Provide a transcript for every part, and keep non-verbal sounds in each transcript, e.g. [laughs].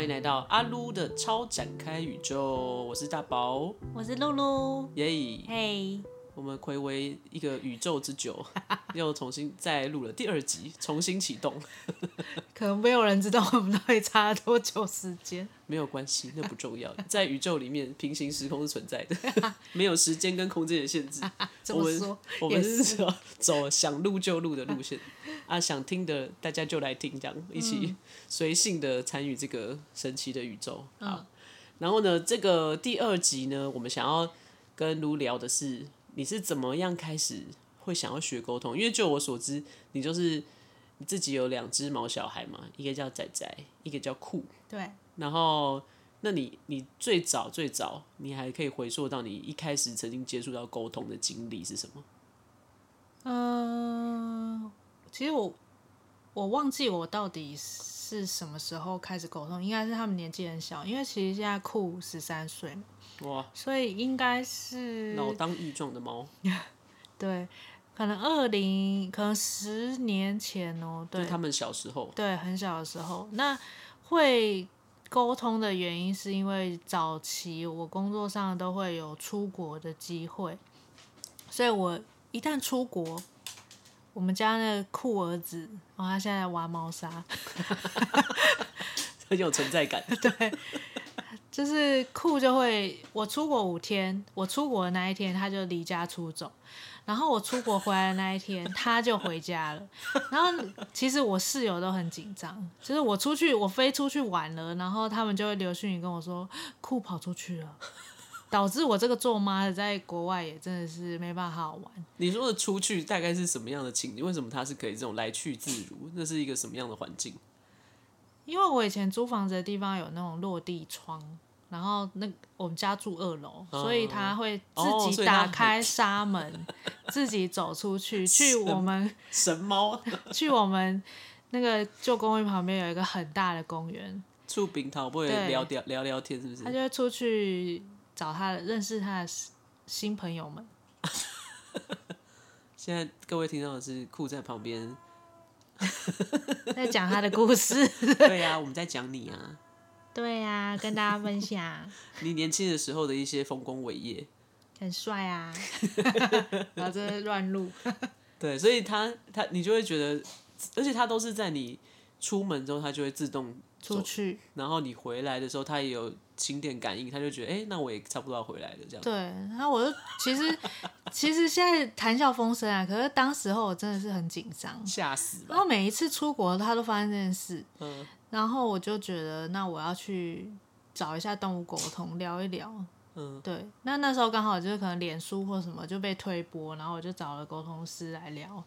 歡迎來到阿擼的超展開宇宙，我是大寶，我是露露，耶 Yeah, Hey，嘿，我們暌違一個宇宙之久，又重新再錄了第二集，重新啟動， [laughs] 可能沒有人知道我們到底差了多久時間，沒有關係，那不重要，在宇宙裡面，平行時空是存在的， [laughs] 沒有時間跟空間的限制， [laughs] 說我們我們是走是想錄就錄的路線。啊，想聽的大家就來聽，這樣、嗯、一起隨性的參與這個神奇的宇宙。嗯、好，然後呢，這個第二集呢，我們想要跟 Ru 聊的是，你是怎麼樣開始會想要學溝通？因為就我所知，你就是你自己有兩隻毛小孩嘛，一個叫仔仔，一個叫酷。對。然後，那你你最早最早，你還可以回溯到你一開始曾經接觸到溝通的經歷是什麼？嗯、呃。其實我我忘記我到底是什麼時候開始溝通，應該是他們年紀很小，因為其實現在酷十三歲，哇，所以應該是老當益壯的貓，對，可能二零，可能十年前哦、喔，對，他們小時候，對，很小的時候，那會溝通的原因是因為早期我工作上都會有出國的機會，所以我一旦出國。我們家那個酷兒子，然後，哦，他現在挖貓砂，很 [laughs] 有存在感。對，就是酷就會，我出國五天，我出國的那一天他就離家出走，然後我出國回來的那一天 [laughs] 他就回家了。然後其實我室友都很緊張，就是我出去，我飛出去玩了，然後他們就會留訊語跟我說，酷跑出去了。導致我這個做媽的在國外也真的是沒辦法好好玩。你說的出去大概是什麼樣的情景？為什麼她是可以這種來去自如？那是一個什麼樣的環境？因為我以前租房子的地方有那種落地窗，然後那我們家住二樓，嗯、所以他會自己打開紗門，哦、 [laughs] 自己走出去去我們神貓貓 [laughs] 去我們那個舊公寓旁邊有一個很大的公園，住冰糖不會聊聊對聊聊天是不是？他就會出去。找他的認識他的新朋友們。 [laughs] 現在各位聽到的是酷在旁邊 [laughs] [laughs] 在講他的故事。 [laughs] 對呀、啊，我們在講你啊。對呀、啊，跟大家分享 [laughs] 你年輕的時候的一些豐功偉業，很帥帥啊。然後在亂入。 [laughs] 對，所以他他你就會覺得，而且他都是在你出門之後，他就會自動。出去，然後你回來的時候，他也有心電感應，他就覺得，哎，那我也差不多要回來了這樣。對，然後我就其實其實現在談笑風生啊，可是當時候我真的是很緊張，嚇死了。然後每一次出國，他都發生這件事。嗯，然後我就覺得，那我要去找一下動物溝通聊一聊。嗯，對，那那時候剛好就是可能臉書或什麼就被推播，然後我就找了溝通師來聊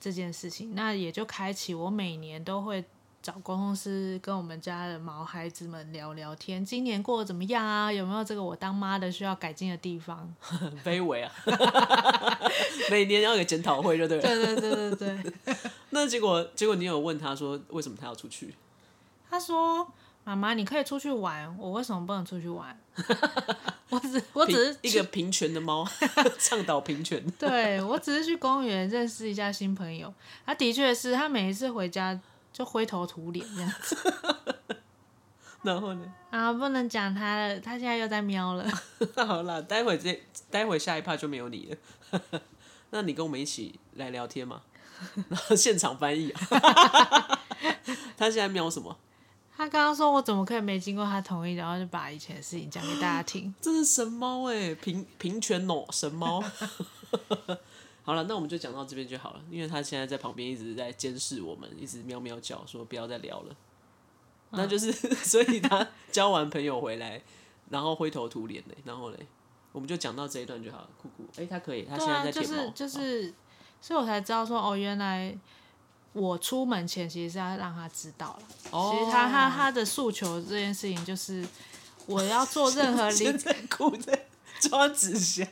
這件事情，那也就開啟我每年都會。找公司跟我們家的毛孩子們聊聊天，今年過得怎麼樣啊？有沒有這個我當媽的需要改進的地方？ [laughs] 卑微啊！ [laughs] 每年要一個檢討會就對了。對對對對對。 [laughs] 那結果，結果你有問他說為什麼他要出去？他說：“媽媽，你可以出去玩，我為什麼不能出去玩？” [laughs] 我只，我只是平去一個平權的貓，倡 [laughs] 導平權。對我只是去公園認識一下新朋友。他、啊、的確是，他每一次回家。就灰頭土臉這樣子， [laughs] 然後呢？啊，不能講他了，他現在又在喵了。 [laughs] 好啦，待會這待會下一趴就沒有你了， [laughs] 那你跟我們一起來聊天嘛，然 [laughs] 後現場翻譯、啊。 [laughs] 他現在喵什麼？ [laughs] 他剛剛說我怎麼可以沒經過他同意，然後就把以前的事情講給大家聽？這是神貓哎，平平權喏、哦，神貓。 [laughs] 好了，那我們就講到這邊就好了，因為他現在在旁邊一直在監視我們，一直喵喵叫，說不要再聊了。啊、那就是，所以他交完朋友回來，然後灰頭土臉的，然後嘞，我們就講到這一段就好了。酷酷，哎、欸，他可以，他現在在舔毛。對啊、就是就是，所以我才知道說，哦，原來我出門前其實是要讓他知道了。哦。其實他他他的訴求這件事情就是，我要做任何零。真的酷抓紙箱，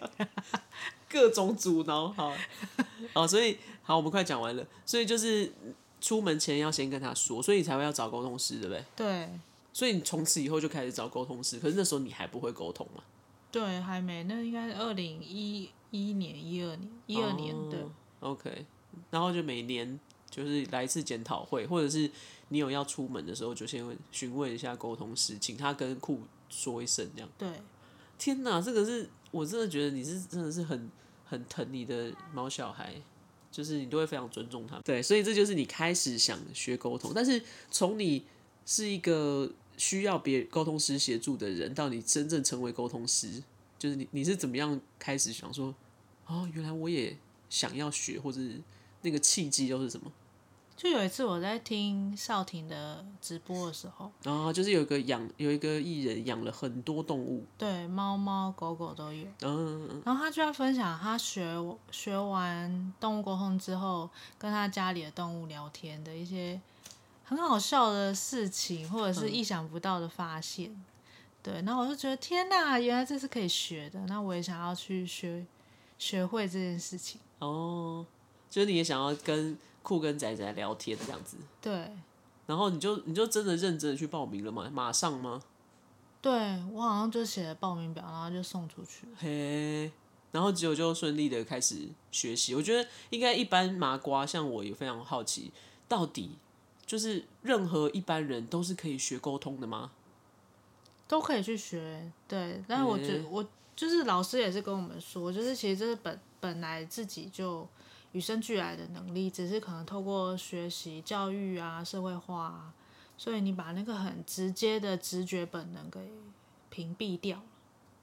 各種阻撓，好，好，所以好，我們快講完了，所以就是出門前要先跟他說，所以你才會要找溝通師，對不對？對 所以你從此以後就開始找溝通師，可是那時候你還不會溝通嗎？對，還沒，那應該是二零一一年、一二年、一二年，對、哦。OK，然後就每年就是來一次檢討會，或者是你有要出門的時候，就先詢問一下溝通師，請他跟庫說一聲這樣。對。天吶，這個是我真的覺得你是真的是很很疼你的毛小孩，就是你都會非常尊重他對，所以這就是你開始想學溝通，但是從你是一個需要別溝通師協助的人，到你真正成為溝通師，就是你你是怎麼樣開始想說，哦，原來我也想要學，或者是那個契機又是什麼？就有一次我在聽少婷的直播的時候，啊、哦，就是有一個養有一個藝人養了很多動物，對，貓貓狗狗都有。嗯嗯嗯。然後他就在分享他學學完動物溝通之後，跟他家裡的動物聊天的一些很好笑的事情，或者是意想不到的發現。嗯、對，然後我就覺得天哪，原來這是可以學的，那我也想要去學學會這件事情。哦，就是你也想要跟。酷跟仔仔聊天這樣子，對，然後你就你就真的認真的去報名了嗎？馬上嗎？對，我好像就寫了報名表，然後就送出去。嘿，然後結果就順利的開始學習。我覺得應該一般麻瓜像我也非常好奇，到底就是任何一般人都是可以學溝通的嗎？都可以去學，對。但是我覺得嘿我就是老師也是跟我們說，就是其實就是本本來自己就。與生俱來的能力，只是可能透過學習、教育啊、社會化啊，所以你把那個很直接的直覺本能給屏蔽掉了。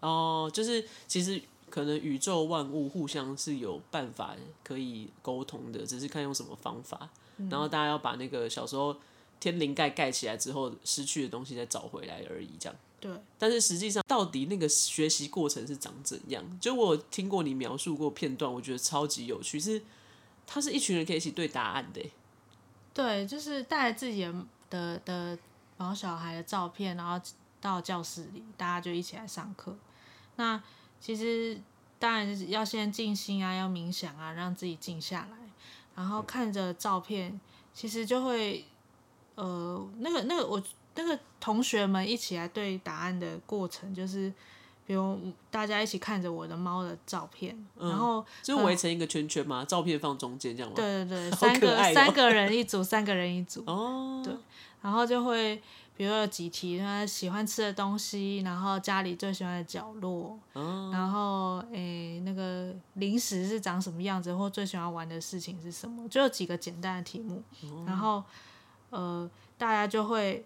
哦，呃，就是其實可能宇宙萬物互相是有辦法可以溝通的，只是看用什麼方法。嗯。然後大家要把那個小時候天靈蓋蓋起來之後失去的東西再找回來而已，這樣。對。但是實際上到底那個學習過程是長怎樣？就我聽過你描述過片段，我覺得超級有趣，是。他是一群人可以一起對答案的，對，就是帶自己的的毛小孩的照片，然後到教室裡，大家就一起來上課。那其實當然要先靜心啊，要冥想啊，讓自己靜下來，然後看着照片，其實就會，呃，那個那個我那個同學們一起來對答案的過程就是。比如大家一起看着我的貓的照片，然後、嗯、就圍成一個圈圈嘛，呃、照片放中間這樣嘛。對對對，三個、喔、三個人一組，三個人一組。哦，對，然後就會比如有幾題，他喜歡吃的東西，然後家裡最喜歡的角落，哦、然後誒、欸、那個零食是長什麼樣子，或最喜歡玩的事情是什麼，就有幾個簡單的題目。哦、然後呃，大家就會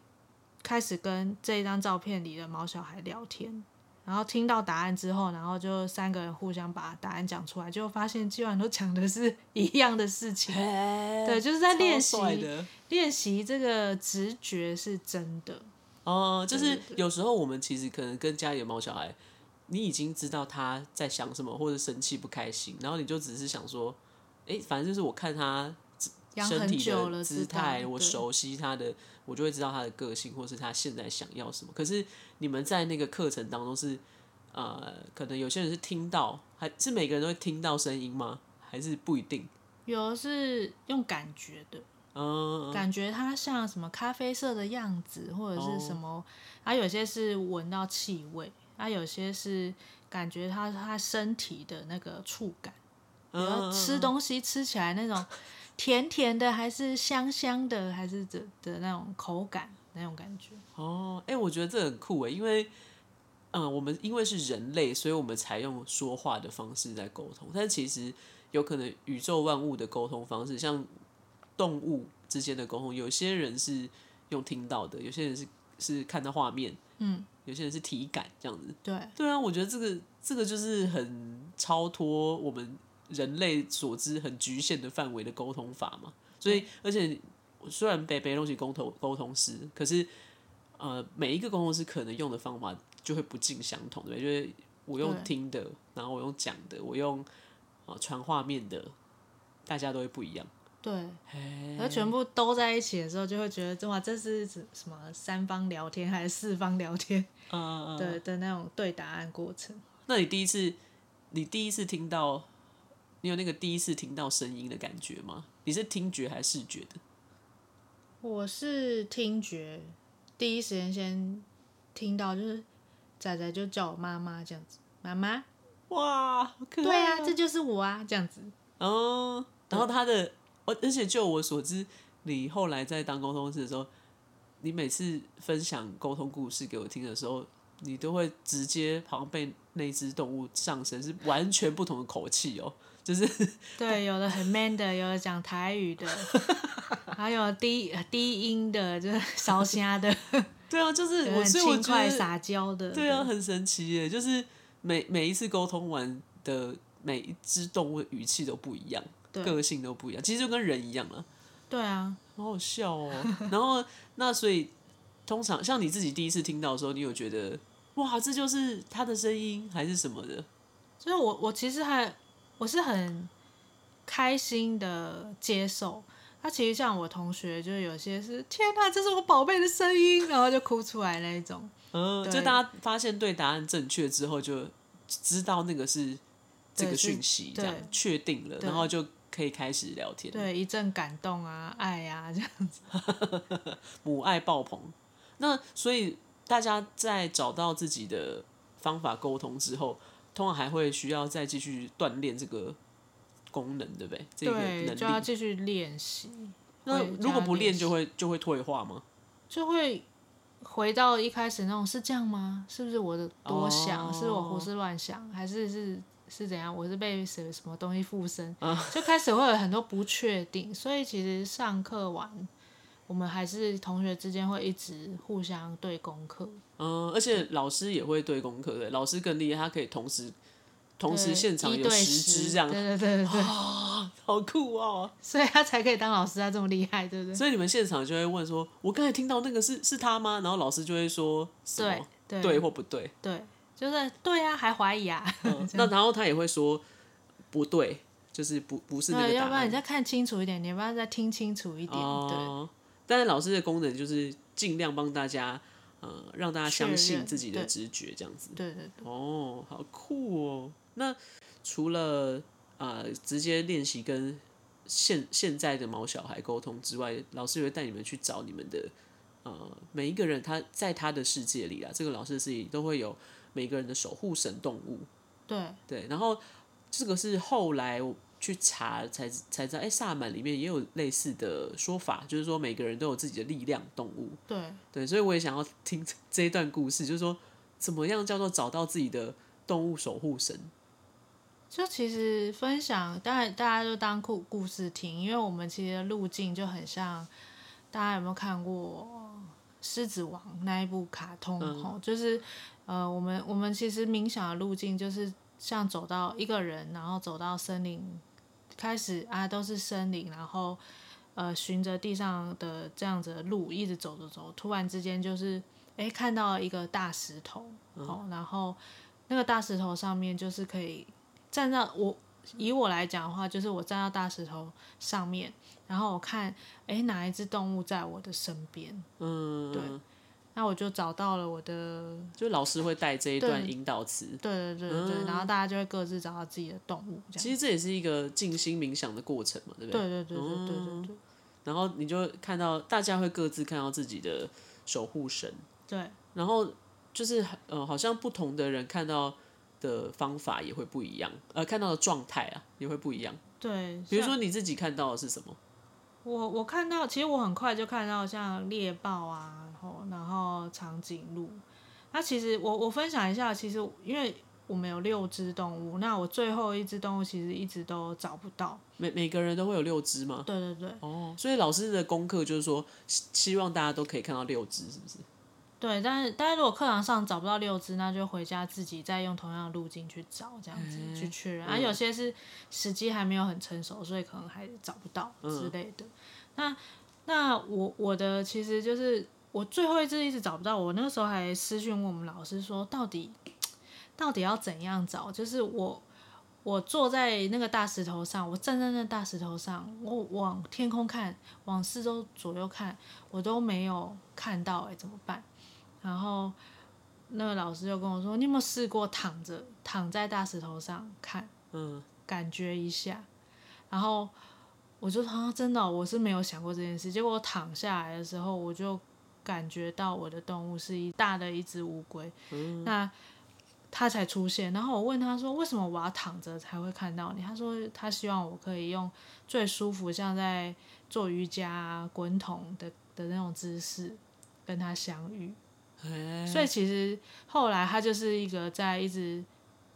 開始跟這一張照片裡的貓小孩聊天。然後聽到答案之後，然後就三個人互相把答案講出來，就發現基本上都講的是一樣的事情。欸、對，就是在練習練習這個直覺是真的。哦，就是、嗯、有時候我們其實可能跟家裡的貓小孩，你已經知道他在想什麼或者生氣不開心，然後你就只是想說，哎，反正就是我看他。身體的姿態，我熟悉他的，對我就會知道他的個性，或是他現在想要什麼。可是你們在那個課程當中是，呃，可能有些人是聽到，還是，是每個人都會聽到聲音嗎？還是不一定？有的是用感覺的，嗯、uh，uh. 感覺它像什麼咖啡色的樣子，或者是什麼？啊、uh，uh. 它有些是聞到氣味，它有些是感覺它它身體的那個觸感，比如吃東西吃起來那種。Uh uh. [laughs] 甜甜的，還是香香的，還是這的，的那種口感，那種感覺哦。哎、欸，我覺得這很酷哎，因為嗯，我們因為是人類，所以我們才用說話的方式在溝通。但其實有可能宇宙萬物的溝通方式，像動物之間的溝通，有些人是用聽到的，有些人是是看到畫面，嗯，有些人是體感這樣子。對，對啊，我覺得這個這個就是很超脫我們。人類所知很局限的範圍的溝通法嘛，所以而且雖然被北錄西溝通溝通師，可是呃每一個溝通師可能用的方法就會不盡相同，對，就是我用聽的，然後我用講的，我用傳畫面的，大家都會不一樣。對，嘿 而全部都在一起的時候，就會覺得哇，這是什麼三方聊天還是四方聊天？嗯，嗯，嗯，對的那種對答案過程。那你第一次，你第一次聽到。你有那個第一次聽到聲音的感覺嗎？你是聽覺還是視覺的？我是聽覺，第一時間先聽到，就是仔仔就叫我媽媽這樣子，媽媽，哇，好可愛啊。對啊，這就是我啊，這樣子、哦、然後他的，而對而且就我所知，你後來在當溝通師的時候，你每次分享溝通故事給我聽的時候，你都會直接好像被那隻動物上身，是完全不同的口氣哦、喔。 [laughs] 就是對，有的很 man 的，有的講台語的， [laughs] 還有低低音的，就是燒蝦的。 [laughs] 對啊，就是很輕快撒嬌的，所以我覺得，對啊，很神奇耶！就是每每一次溝通完的每一隻動物語氣都不一樣，對個性都不一樣，其實就跟人一樣了。對啊，好好笑哦。然後那所以通常像你自己第一次聽到的時候，你有覺得哇，這就是他的聲音還是什麼的？所以我我其實還。我是很開心的接受他，啊、其實像我同學，就有些是天哪、啊，這是我寶貝的聲音，然後就哭出來那一種。嗯、呃，對就大家發現對答案正確之後，就知道那個是這個訊息，這樣確定了，然後就可以開始聊天。對，一陣感動啊，愛呀、啊，這樣子， [laughs] 母愛爆棚。那所以大家在找到自己的方法溝通之後。通常還會需要再繼續鍛鍊這個功能，對不對？這個能力？對，就要繼續練習。那如果不練，就會就會退化嗎？就會回到一開始那種，是這樣嗎？是不是我的多想？Oh. 是我胡思亂想，還是是是怎樣？我是被什什麼東西附身？啊、就開始會有很多不確定。所以其實上課完。我們還是同學之間會一直互相對功課。嗯，而且老師也會對功課的，對老師更厲害，他可以同時同時現場有十隻這樣。對對對對、哦、好酷哦。所以他才可以當老師，啊，這麼厲害，對不對？所以你們現場就會問說：“我剛才聽到那個是是他嗎？”然後老師就會說什麼對：“對，對或不對？”對，就是對啊，還懷疑啊？嗯、樣那然後他也會說不對，就是不不是那個答案。要不然你再看清楚一點，你要不然再聽清楚一點，嗯、對。但是老師的功能就是盡量幫大家，嗯、呃，讓大家相信自己的直覺這樣子。的對，對對對。哦，好酷哦！那除了啊、呃、直接練習跟現現在的毛小孩溝通之外，老師也會帶你們去找你們的，呃，每一個人他在他的世界裡啊，這個老師自己都會有每一個人的守護神動物。對對，然後這個是後來。去查才才知道，哎、欸，薩滿裡面也有類似的說法，就是說每個人都有自己的力量動物。對對，所以我也想要聽這一段故事，就是說怎麼樣叫做找到自己的動物守護神。就其實分享，大家大家就當故故事聽，因為我們其實路徑就很像，大家有沒有看過《獅子王》那一部卡通？吼、嗯，就是呃，我們我們其實冥想的路徑就是像走到一個人，然後走到森林。開始啊，都是森林，然後，呃，循着地上的這樣子的路一直走着走，突然之間就是，哎、欸，看到一個大石頭、嗯哦，然後那個大石頭上面就是可以站到我，以我來講的話，就是我站到大石頭上面，然後我看，哎、欸，哪一隻動物在我的身邊？嗯嗯嗯，對。那我就找到了我的，就是老師會帶這一段引導詞，對對對對，嗯，然後大家就會各自找到自己的動物這樣。其實這也是一個靜心冥想的過程嘛，對不對？對對，對對對對對對。嗯，然後你就看到大家會各自看到自己的守護神，對。然後就是呃，好像不同的人看到的方法也會不一樣，呃，看到的狀態啊也會不一樣。對，比如說你自己看到的是什麼？我我看到，其實我很快就看到像獵豹啊。然後長頸鹿，那其實我我分享一下，其實因為我們有六隻動物，那我最後一隻動物其實一直都找不到。每每個人都會有六隻嗎？對對對。哦。所以老師的功課就是說，希望大家都可以看到六隻，是不是？對，但是但是如果課堂上找不到六隻，那就回家自己再用同樣的路徑去找，這樣子去確認。而、欸嗯啊、有些是時機還沒有很成熟，所以可能還找不到之類的。嗯、那那我我的其實就是。我最後一次一直找不到我。我那個時候還私訊問我們老師說，到底，到底要怎樣找？就是我，我坐在那個大石頭上，我站在那大石頭上，我往天空看，往四周左右看，我都沒有看到、欸，哎，怎麼辦？然後那個老師就跟我說，你有沒有試過躺着，躺在大石頭上看，嗯、呃，感覺一下。然後我就說、啊，真的、哦，我是沒有想過這件事。結果我躺下來的時候，我就。感覺到我的動物是一大的一隻烏龜，嗯、那它才出現。然後我問他說：“為什麼我要躺着才會看到你？”他說：“他希望我可以用最舒服，像在做瑜伽啊、滾筒的的那種姿勢，跟他相遇。”欸，所以其實後來他就是一個在一直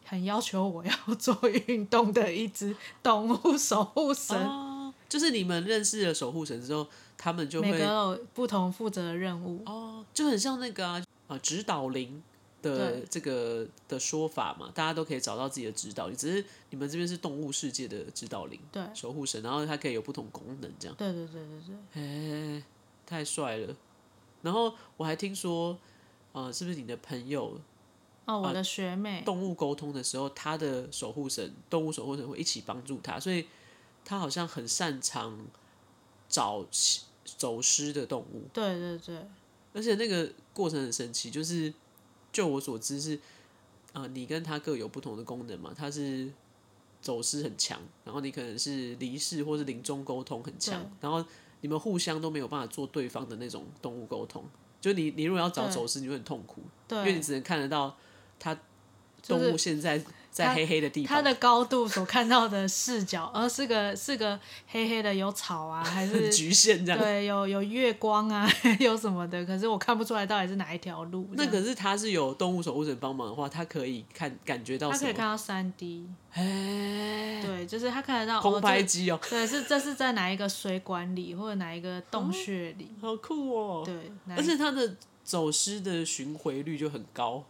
很要求我要做運動的一隻動物守護神。哦、就是你們認識了守護神之後。他們就會有不同負責任務哦，就很像那個啊啊、呃、指導靈的對這個的說法嘛，大家都可以找到自己的指導靈，只是你們這邊是動物世界的指導靈，對守護神，然後它可以有不同功能這樣。對對對對對，哎、欸，太帥了！然後我還聽說，呃，是不是你的朋友？哦，呃、我的學妹。動物溝通的時候，他的守護神，動物守護神會一起幫助他，所以他好像很擅長找。走失的動物，對對對，而且那個過程很神奇，就是就我所知是，啊、呃，你跟他各有不同的功能嘛，他是走失很強，然後你可能是離世或是臨終溝通很強，對然後你們互相都沒有辦法做對方的那種動物溝通，就你你如果要找走失，對你會很痛苦，對因為你只能看得到他動物現在。就是在黑黑的地方，它的高度所看到的視角，而、 [laughs] 呃、是個是個黑黑的有草啊，還是 [laughs] 很局限這樣？對，有有月光啊，有什麼的？可是我看不出來到底是哪一條路。那可是它是有動物守護神幫忙的話，它可以看感覺到，它可以看到三 D，哎，欸、對，就是它看得到。空拍機哦，對，是這是在哪一個水管裡，或者哪一個洞穴裡？嗯、好酷哦！對，而且它的走失的尋回率就很高。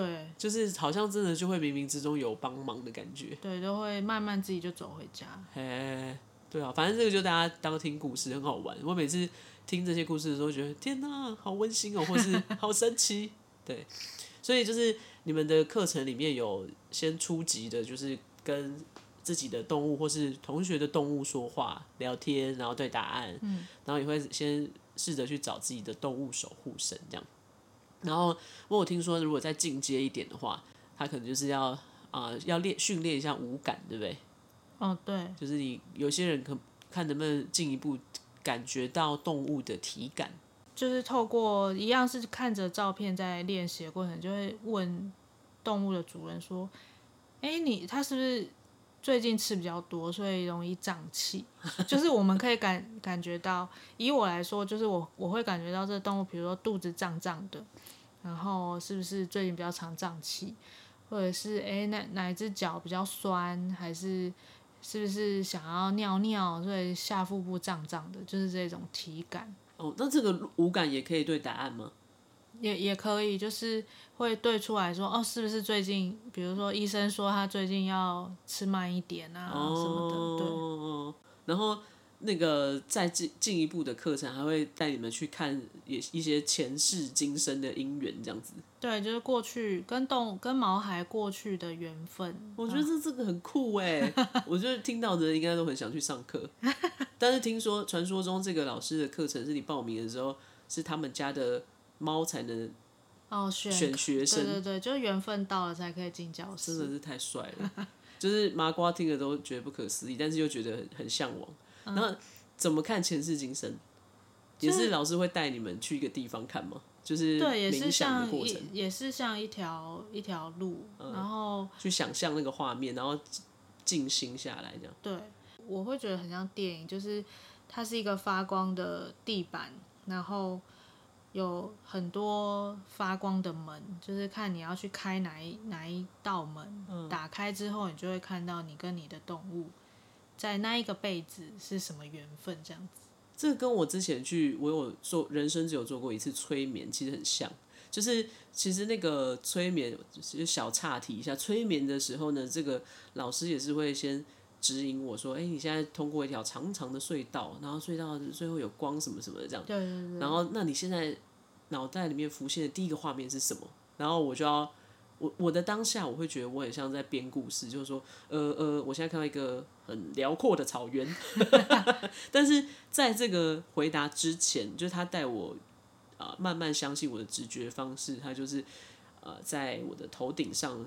對，就是好像真的就會冥冥之中有幫忙的感覺。對，都會慢慢自己就走回家。嘿，對啊、哦，反正這個就大家當聽故事很好玩。我每次聽這些故事的時候，覺得天哪、啊，好溫馨哦，或是好神奇。 [laughs] 對，所以就是你們的課程裡面有先初級的，就是跟自己的動物或是同學的動物說話聊天，然後對答案。嗯、然後你會先試着去找自己的動物守護神這樣。然後，不過我聽說，如果再進階一點的話，他可能就是要啊、呃，要練訓練一下五感，對不對？哦、嗯，對，就是你有些人可看能不能進一步感覺到動物的體感，就是透過一樣是看着照片在練習的過程，就會問動物的主人說：“誒，你，他是不是？”最近吃比較多，所以容易脹氣。就是我們可以感感覺到，以我來說，就是我我會感覺到這動物，比如說肚子脹脹的，然後是不是最近比較常脹氣，或者是誒、欸、哪哪一隻腳比較酸，還是是不是想要尿尿，所以下腹部脹脹的，就是這種體感。哦，那這個五感也可以對答案嗎？也也可以，就是會對出來說，哦，是不是最近，比如說醫生說他最近要吃慢一點啊、哦、什麼的，對。然後那個再進進一步的課程，還會帶你們去看也一些前世今生的姻緣這樣子。對，就是過去跟動跟毛孩過去的緣分。我覺得這這個很酷哎，啊、 [laughs] 我覺得聽到的人應該都很想去上課。但是聽說傳說中這個老師的課程是你報名的時候是他們家的。貓才能、哦、選，選學生。對對對，就是緣分到了才可以進教室，真的是太帥了， [laughs] 就是麻瓜聽了都覺得不可思議，但是又覺得很，很向往。嗯、然後怎麼看前世今生，就是，也是老師會帶你們去一個地方看嗎？就是，對也是像冥想的過程，也是像一條一條路，然後、嗯、然後去想象那個畫面，然後靜心下來這樣。對，我會覺得很像電影，就是它是一個發光的地板，然後。有很多發光的門，就是看你要去開哪一哪一道門。嗯、打開之後，你就會看到你跟你的動物在那一個輩子是什麼緣分這樣子。這個跟我之前去，我有做人生只有做過一次催眠，其實很像。就是其實那個催眠，其、就、實、是、小岔題。一下，催眠的時候呢，這個老師也是會先。指引我說：“哎、欸，你現在通過一條長長的隧道，然後隧道最後有光什麼什麼的這樣。對對對，然後，那你現在腦袋裡面浮現的第一個畫面是什麼？然後我就要我我的當下，我會覺得我很像在編故事，就是說，呃呃，我現在看到一個很遼闊的草原。 [laughs] 但是在這個回答之前，就是他帶我啊、呃、慢慢相信我的直覺方式，他就是、呃、在我的頭頂上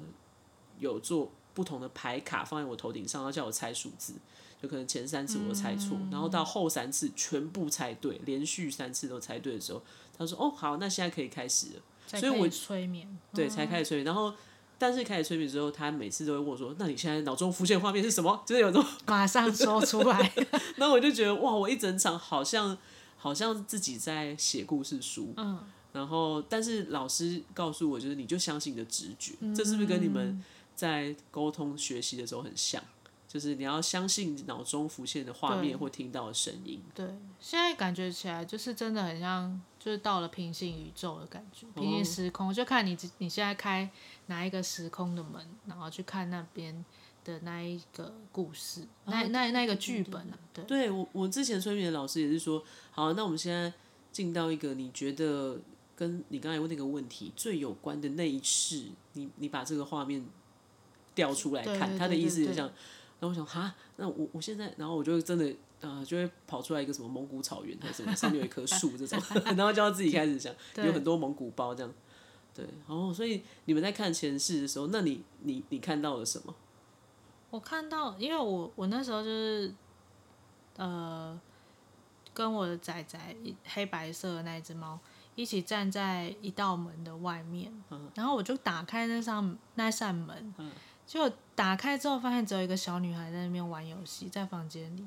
有座。”不同的牌卡放在我頭頂上，他叫我猜數字，就可能前三次我都猜錯，嗯、然後到後三次全部猜對，連續三次都猜對的時候，他說：“哦，好，那現在可以開始了。”才所以我，我催眠對、嗯、才開始催眠。然後，但是開始催眠之後，他每次都會問我說：“嗯、那你現在腦中浮現畫面是什麼？”就是有種馬上說出來。那 [laughs] 我就覺得哇，我一整場好像好像自己在寫故事書。嗯。然後，但是老師告訴我，就是你就相信你的直覺，嗯、這是不是跟你們？在溝通學習的時候很像，就是你要相信腦中浮現的畫面對或聽到的聲音。對，現在感覺起來就是真的很像，就是到了平行宇宙的感覺，平行時空，哦、就看你你現在開哪一個時空的門，然後去看那邊的那一個故事，哦、那那那一個劇本啊。對，對我我之前催眠的老師也是說，好、啊，那我們現在進到一個你覺得跟你剛才問那個問題最有關的那一世，你你把這個畫面。調出來看，他的意思就像，然後我想哈，那我我現在，然後我就真的呃，就會跑出來一個什麼蒙古草原還是什麼，上面有一棵樹這種， [laughs] [laughs] 然後就要自己開始想，對有很多蒙古包這樣，對，哦，所以你們在看前世的時候，那你你你,你看到了什麼？我看到，因為我我那時候就是呃，跟我的仔仔黑白色的那一只貓一起站在一道門的外面，嗯、然後我就打開那扇那扇門。嗯就打開之後，發現只有一個小女孩在那邊玩遊戲，在房間裡。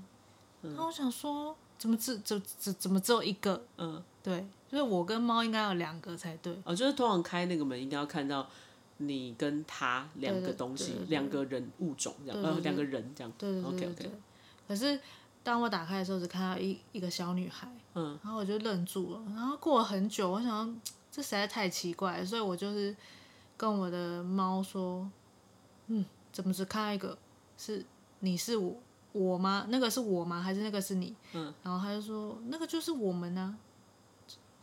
然後、嗯、我想說，怎麼只、只、只、只、怎麼只有一個？嗯，對，就是我跟貓應該有兩個才對。哦，就是通常開那個門，應該要看到你跟他兩個東西，兩個人物種這樣，呃、啊、兩個人這樣。對，對，對 OK，OK。可是當我打開的時候，只看到一一個小女孩。嗯。然後我就愣住了。然後過了很久，我想說這實在太奇怪，所以我就是跟我的貓說。嗯，怎麼只看到一個？是你是我我嗎？那個是我嗎？還是那個是你？嗯，然後他就說那個就是我們呢、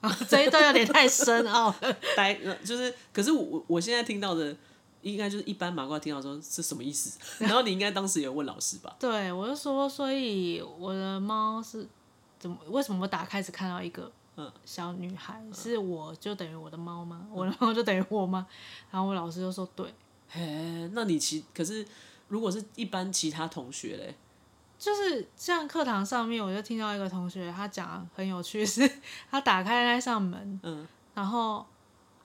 啊啊，這一段有點太深奧了。 [laughs] 哦、呆，就是，可是我我現在聽到的應該就是一般麻瓜聽到說是什麼意思？然後你應該當時也有問老師吧、嗯？對，我就說，所以我的貓是怎麼？為什麼我打開只看到一個小女孩？是我就等於我的貓嗎？我的貓就等於我嗎？然後我老師就說對。嘿，那你其可是如果是一般其他同學咧，就是像課堂上面，我就聽到一個同學他講很有趣，是他打開那扇門，嗯，然後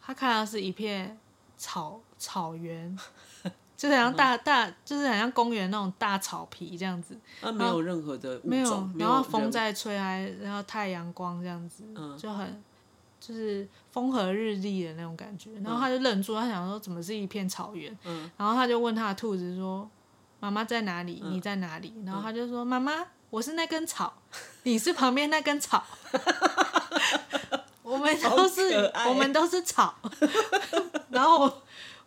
他看到是一片草草原，呵呵就是像大、啊、大，就是很像公園那種大草皮這樣子，啊後啊、沒有任何的沒有，然後風在吹，還有然後太陽光這樣子，嗯，就很。就是風和日麗的那種感覺，然後他就愣住，他想說，怎麼是一片草原？嗯，然後他就問他的兔子說：“媽媽在哪裡？嗯，你在哪裡？”然後他就說：“嗯，媽媽，我是那根草， [laughs] 你是旁邊那根草， [laughs] [laughs] 我們都是我們都是草。 [laughs] ”然後。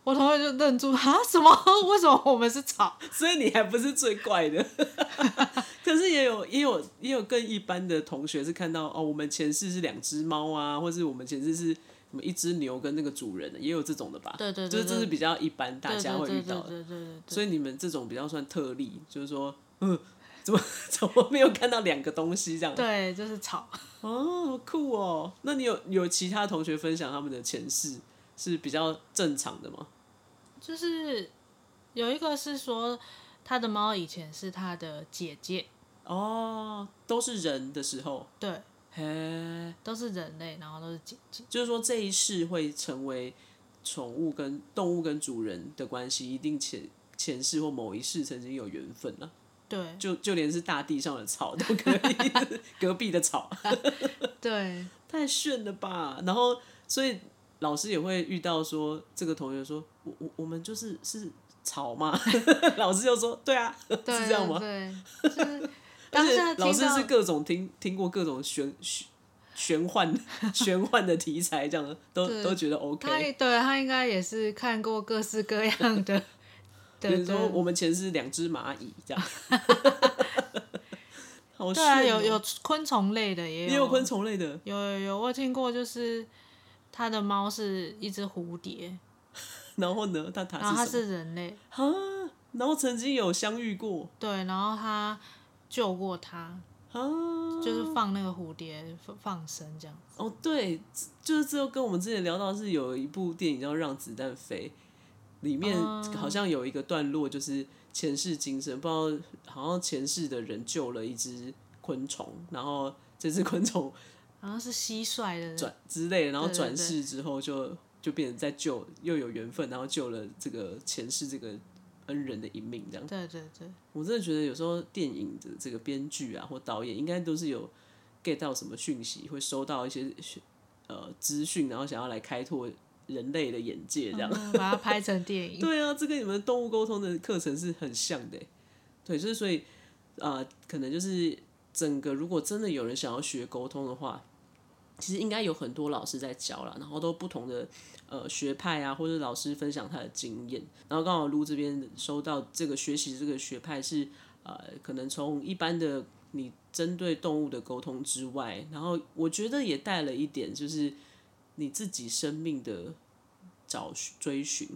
我同學就愣住啊！什麼？為什麼我們是草？所以你還不是最怪的， [laughs] 可是也有也有也有更一般的同學是看到哦，我們前世是兩只貓啊，或是我們前世是什麼一只牛跟那個主人的，也有這種的吧？對對，對對，就是這是比較一般，大家會遇到的。對對對，對對對。所以你們這種比較算特例，就是說，嗯，怎麼怎麼沒有看到兩個東西這樣？對，就是草。哦，好酷哦！那你有有其他同學分享他們的前世？是比較正常的嗎？就是有一個是說，他的貓以前是他的姐姐哦，都是人的時候，對，嘿，都是人類，然後都是姐姐，就是說這一世會成為寵物跟動物跟主人的關係，一定前前世或某一世曾經有緣分了，啊，對，就就連是大地上的草都可以， [laughs] 隔壁的草， [laughs] [laughs] 對，太炫了吧，然後所以。老師也會遇到說，這個同學說，我我我們就是是草嘛 [laughs] 老師就說，對啊，對了是這樣嗎？對。就是， [laughs] 當下而且老師是各種聽聽過各種玄玄幻玄幻的題材，這樣的都對都覺得 OK。對，他應該也是看過各式各樣的。比如說，我們前世兩只螞蟻這樣。 [laughs] 喔，對啊，有有昆蟲類的，也有，也有昆蟲類的，有有，有我聽過就是。他的貓是一只蝴蝶，然後呢，他他是，是人類，哈，然後曾經有相遇過，對，然後他救過他，蛤就是放那個蝴蝶放生這樣子。哦，對，就是之後跟我們之前聊到是有一部電影叫《讓子彈飛》，裡面好像有一個段落就是前世今生，不知道好像前世的人救了一只昆蟲，然後這只昆蟲。好像是蟋蟀的轉之類的，然後轉世之後就對對對，就變成在救，又有緣分，然後救了這個前世這個恩人的一命，這樣。對對對，我真的覺得有時候電影的這個編劇啊或導演，應該都是有 get 到什麼訊息，會收到一些呃資訊，然後想要來開拓人類的眼界，這樣、嗯嗯、把它拍成電影。 [laughs] 對啊，這跟你們動物溝通的課程是很像的。對，就是所以啊、呃，可能就是整個，如果真的有人想要學溝通的話，其實應該有很多老師在教了，然後都不同的呃學派啊，或者老師分享他的經驗。然後剛好 Ru 這邊收到這個學習這個學派是呃，可能從一般的你針對動物的溝通之外，然後我覺得也帶了一點，就是你自己生命的找追尋，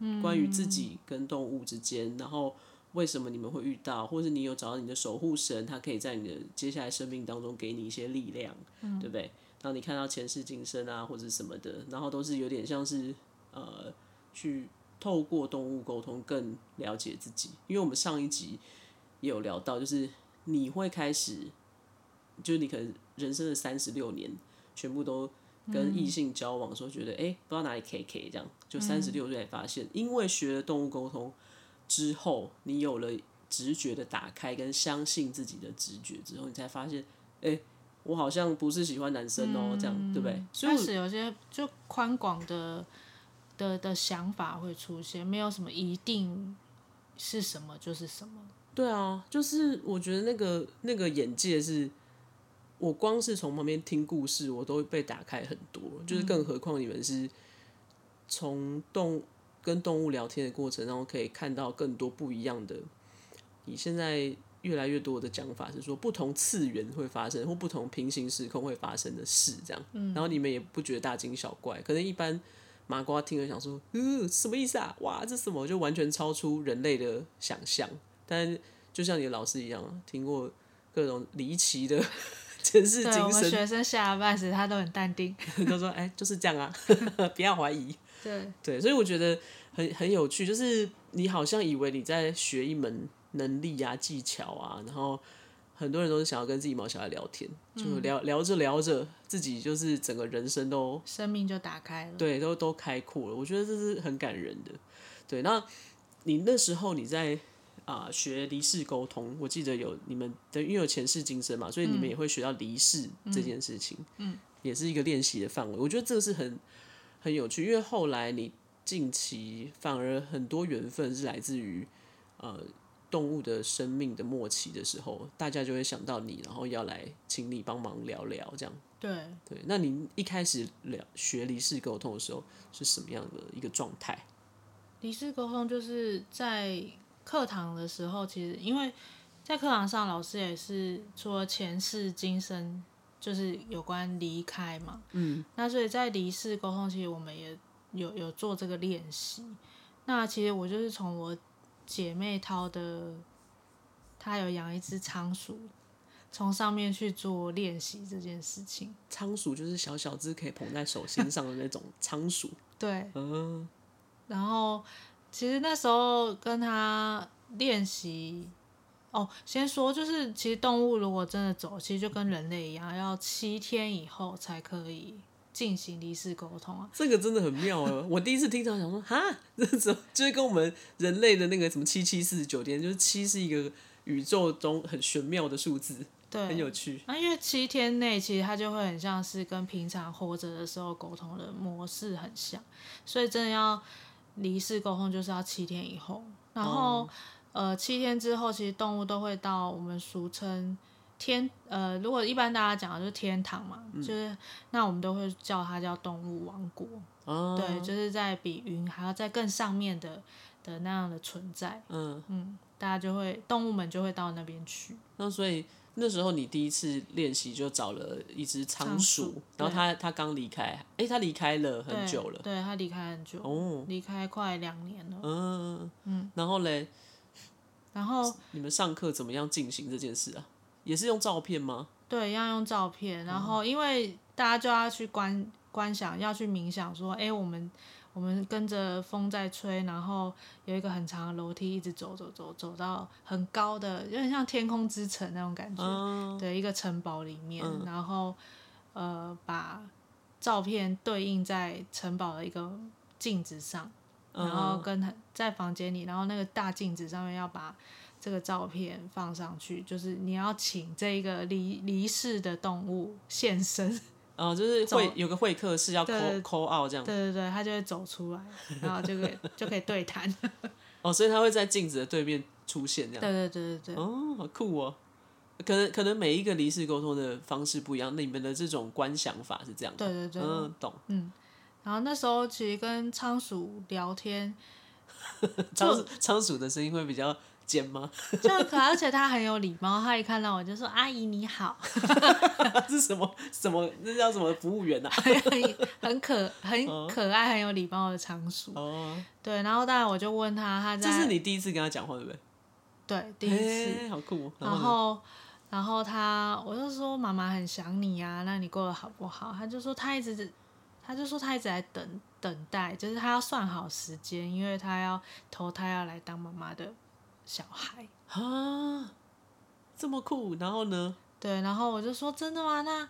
嗯，關於自己跟動物之間，嗯、然後為什麼你們會遇到，或者你有找到你的守護神，他可以在你的接下來生命當中給你一些力量，嗯、對不對？當你看到前世今生啊，或者什麼的，然後都是有點像是，呃，去透過動物溝通更了解自己。因為我們上一集也有聊到，就是你會開始，就是你可能人生的三十六年，全部都跟異性交往的時候覺得，嗯、誒不知道哪裡 K K 這樣，就三十六歲才發現，嗯、因為學了動物溝通之後，你有了直覺的打開跟相信自己的直覺之後，你才發現，誒。我好像不是喜歡男生哦、喔，這樣、嗯、對不對？開始有些就寬廣的的的想法會出現，沒有什麼一定是什麼就是什麼。對啊，就是我覺得那個那個眼界是，我光是從旁邊聽故事，我都會被打開很多，嗯、就是更何況你們是從動跟動物聊天的過程，然後可以看到更多不一樣的。你現在。越來越多的講法是說，不同次元會發生或不同平行時空會發生的事，這樣。嗯、然後你們也不覺得大驚小怪，可能一般麻瓜聽了想說：“嗯，什麼意思啊？哇，這什麼？就完全超出人類的想象。”但就像你的老師一樣，聽過各種離奇的前世今生。對，我們學生嚇半死，他都很淡定，他 [laughs] 說：“哎、欸，就是這樣啊， [laughs] 不要懷疑。對”對對，所以我覺得很很有趣，就是你好像以為你在學一門。能力啊，技巧啊，然後很多人都是想要跟自己毛小孩聊天，嗯、就聊聊着聊着，自己就是整個人生都生命就打開了，對，都都開闊了。我覺得這是很感人的，對。那你那時候你在啊、呃、學離世溝通，我記得有你們的，因為有前世今生嘛，所以你們也會學到離世這件事情，嗯，嗯嗯，也是一個練習的範圍。我覺得這個是很很有趣，因為後來你近期反而很多緣分是來自於呃。動物的生命的末期的時候，大家就會想到你，然後要來請你幫忙聊聊這樣。對對，那您一開始聊學離世溝通的時候是什麼樣的一個狀態？離世溝通就是在課堂的時候，其實因為在課堂上老師也是說前世今生，就是有關離開嘛，嗯，那所以在離世溝通其實我們也有有做這個練習。那其實我就是從我。姐妹淘的，她有養一隻倉鼠，從上面去做練習這件事情。倉鼠就是小小隻可以捧在手心上的那種倉鼠。 [laughs] 對。嗯。然後，其實那時候跟她練習，哦，先說就是，其實動物如果真的走，其實就跟人類一樣，要七天以後才可以。進行離世溝通啊，這個真的很妙哦、喔！我第一次聽到，想說哈，這什麼 [laughs] 就是跟我們人類的那個什麼七七四十九天，就是七是一個宇宙中很玄妙的數字，對，很有趣。那、啊、因為七天內，其實它就會很像是跟平常活着的時候溝通的模式很像，所以真的要離世溝通，就是要七天以後。然後呃，七天之後，其實動物都會到我們俗稱。天，呃，如果一般大家講的就是天堂嘛，嗯、就是那我們都會叫它叫動物王國，啊、對，就是在比雲還要在更上面的的那樣的存在，嗯嗯，大家就會動物們就會到那邊去。那所以那時候你第一次練習就找了一隻倉鼠，倉鼠，然後它它剛離開，哎、欸，它離開了很久了，對，它離開很久，哦，離開快兩年了，嗯嗯，然後嘞，然後你們上課怎麼樣進行這件事啊？也是用照片嗎？對，要用照片，然後因為大家就要去觀觀想，要去冥想，說，哎、欸，我們我們跟着風在吹，然後有一個很長的樓梯，一直走走走，走到很高的，有點像天空之城那種感覺，uh, 對，一個城堡裡面，uh, 然後呃，把照片對應在城堡的一個鏡子上，然後跟在房間裡，然後那個大鏡子上面要把。這個照片放上去，就是你要請這一個離離世的動物現身，嗯、哦，就是會走有個會客室要 call, 對 call out 這樣，對對對，他就會走出來，然後就可以 [laughs] 就可以對談。哦，所以他會在鏡子的對面出現這樣，對對對對對，哦，好酷哦。可能可能每一個離世溝通的方式不一樣，你們的這種觀想法是這樣的，對，對對對，嗯，懂，嗯。然後那時候其實跟倉鼠聊天，倉 [laughs] 倉鼠的聲音會比較。撿撿嗎？ [laughs] 就可，而且他很有禮貌。他一看到我就說：“ [laughs] 阿姨你好。 [laughs] ” [laughs] 這是什麼什麼？那叫什麼服務員啊？ [laughs] [laughs] 很可很可愛，哦、很有禮貌的倉鼠。哦、對，然後當然我就問他，他在這是你第一次跟他講話對不對？對，第一次、欸、好酷、喔。好然後然後他，我就說：“媽媽很想你啊，那你過得好不好？”他就說：“他一直，他就說他一直在等等待，就是他要算好時間，因為他要投胎要來當媽媽的。”小孩啊，這麼酷，然後呢？對，然後我就說：“真的嗎？那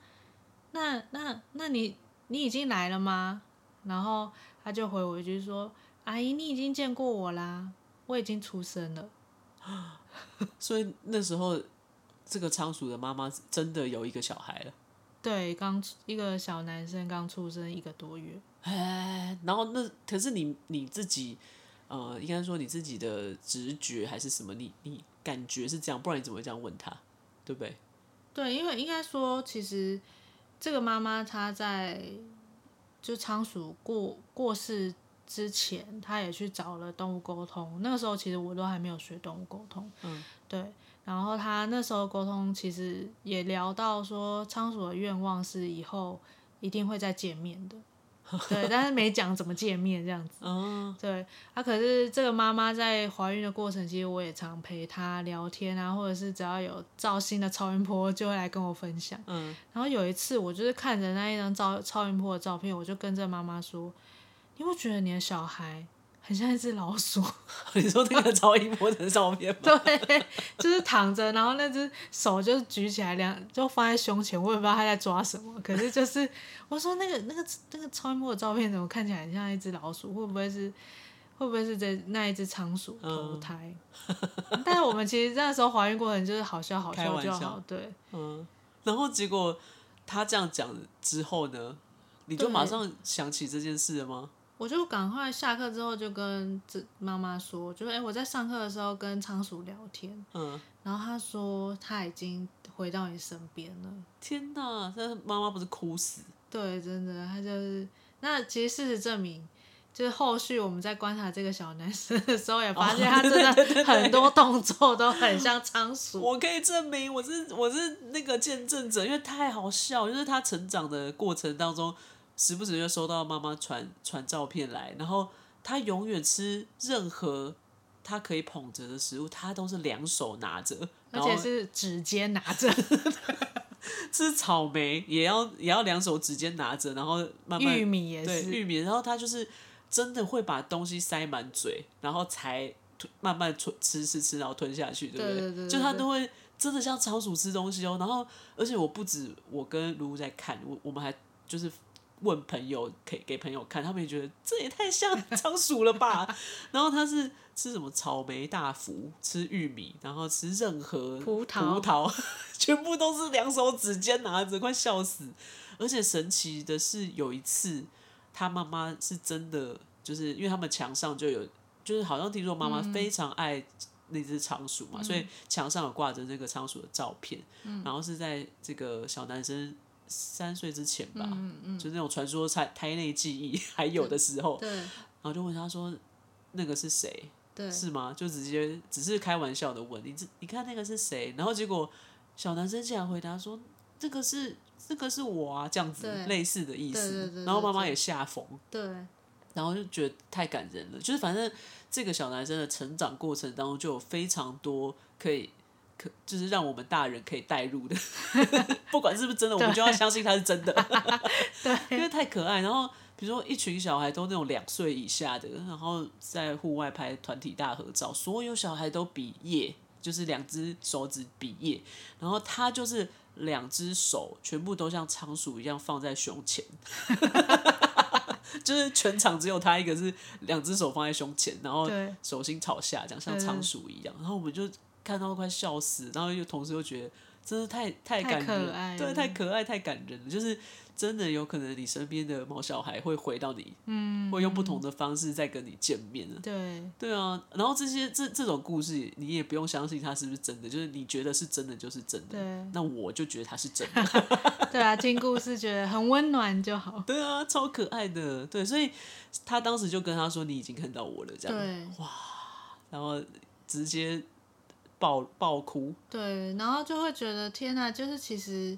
那那那你你已經來了嗎？”然後他就回我一句說：“阿姨，你已經見過我啦，我已經出生了。”啊，所以那時候，這個倉鼠的媽媽真的有一個小孩了。 [laughs] 對，剛一個小男生剛出生一個多月。哎，然後那可是你你自己。呃，應該說你自己的直覺還是什麼？你你感覺是這樣，不然你怎麼會這樣問他？對不對？對，因為應該說，其實這個媽媽她在就倉鼠過過世之前，她也去找了動物溝通。那時候其實我都還沒有學動物溝通，嗯，對。然後她那時候溝通，其實也聊到說，倉鼠的願望是以後一定會再見面的。 [laughs] 對，但是沒講怎麼見面這樣子。嗯、對，啊可是這個媽媽在懷孕的過程，其實我也常陪她聊天啊，或者是只要有照新的超音波，就會來跟我分享。嗯，然後有一次我就是看着那一張照超音波的照片，我就跟這媽媽說：“你不覺得你的小孩？”很像一隻老鼠。 [laughs] 你說那個超音波的照片嗎？ [laughs] 對，就是躺着，然後那隻手就是舉起來，兩就放在胸前，我也不知道他在抓什麼。可是就是我說那個那個那個超音波的照片，怎麼看起來很像一隻老鼠？會不會是會不會是在那一隻倉鼠投胎？嗯、 [laughs] 但是我們其實那時候懷孕過程就是好笑好笑就好，對，笑嗯。然後結果他這樣講之後呢，你就馬上想起這件事了嗎？我就趕快下課之後就跟這媽媽說，就是哎、欸，我在上課的時候跟倉鼠聊天。嗯。然後他說他已經回到你身邊了。天哪！這媽媽不是哭死？對，真的，他就是。那其實事實證明，就是後續我們在觀察這個小男生的時候，也發現他真的很多動作都很像倉鼠。我可以證明，我是我是那個見證者，因為太好笑。就是他成長的過程當中。時不時就收到媽媽傳傳照片來，然後他永遠吃任何他可以捧着的食物，他都是兩手拿着，而且是指尖拿着。吃草莓也要也要兩手指尖拿着，然後慢慢玉米也是。對，玉米，然後他就是真的會把東西塞滿嘴，然後才慢慢吞吃吃吃，然後吞下去，對不對？對對對對對，就他都會真的像倉鼠吃東西哦、喔。然後而且我不止我跟 Ru 在看，我我們還就是。問朋友，給給朋友看，他們也覺得這也太像倉鼠了吧？ [laughs] 然後他是吃什麼草莓大福，吃玉米，然後吃任何葡萄，葡萄葡萄全部都是兩手指尖拿、啊、着，快笑死！而且神奇的是，有一次他媽媽是真的，就是因為他們牆上就有，就是好像聽說媽媽非常愛那只倉鼠嘛，嗯、所以牆上有掛着那個倉鼠的照片。嗯、然後是在這個小男生。三歲之前吧，嗯嗯、就那種傳說胎胎內記憶還有的時候，對對，然後就問他說那個是誰？對，是嗎？就直接只是開玩笑的問你這，這你看那個是誰？然後結果小男生竟然回答說這個是這個是我啊，這樣子類似的意思。對對對，然後媽媽也嚇瘋，對，對對，然後就覺得太感人了。就是反正這個小男生的成長過程當中就有非常多可以。可，就是讓我們大人可以帶入的， [laughs] 不管是不是真的， [laughs] 對 我們就要相信它是真的。 [laughs] 因為太可愛。然後，比如說一群小孩都那種兩歲以下的，然後在戶外拍團體大合照，所有小孩都比耶，就是兩隻手指比耶，然後他就是兩隻手全部都像倉鼠一樣放在胸前， [laughs] 就是全場只有他一個是兩隻手放在胸前，然後手心朝下，這樣像倉鼠一樣。然後我們就。看到都快笑死，然後又同時又覺得真的太太感人，可愛。對，太可愛，太感人了。就是真的有可能你身邊的毛小孩會回到你，嗯，會用不同的方式再跟你見面了。對對啊，然後這些這這種故事，你也不用相信它是不是真的，就是你覺得是真的就是真的。對，那我就覺得它是真的。 [laughs] 對啊，聽故事覺得很溫暖就好。對啊，超可愛的。對，所以他當時就跟他說：“你已經看到我了。”這樣。對。哇，然後直接。爆爆哭，對，然後就會覺得天哪，就是其實，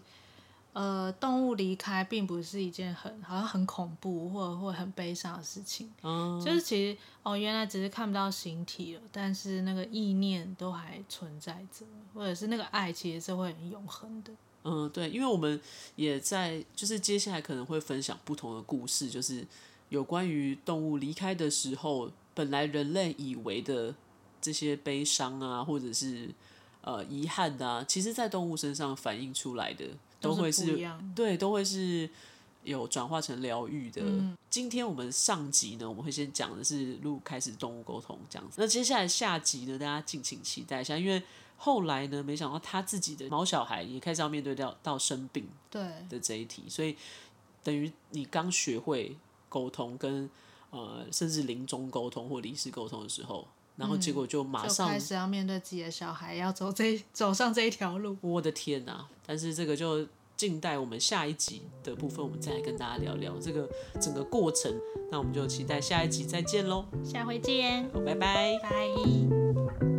呃，動物離開並不是一件很好像很恐怖或者會很悲傷的事情，嗯，就是其實哦，原來只是看不到形體了，但是那個意念都還存在着，或者是那個愛其實是會很永恆的。嗯，對，因為我們也在，就是接下來可能會分享不同的故事，就是有關於動物離開的時候，本來人類以為的。這些悲傷啊，或者是呃遺憾啊，其實在動物身上反映出來的，都會是，是對，都會是有轉化成療癒的。嗯、今天我們上集呢，我們會先講的是 Ru 開始動物溝通這樣子。那接下來下集呢，大家敬請期待一下，因為後來呢，沒想到他自己的毛小孩也開始要面對到到生病對的這一題，對所以等於你剛學會溝通跟，跟呃甚至臨終溝通或離世溝通的時候。然後結果就馬上開始要面對自己的小孩，要走這走上這一條路。我的天哪、啊！但是這個就靜待我們下一集的部分，我們再來跟大家聊聊這個整個過程。那我們就期待下一集再見嘍，下回見，拜拜，拜。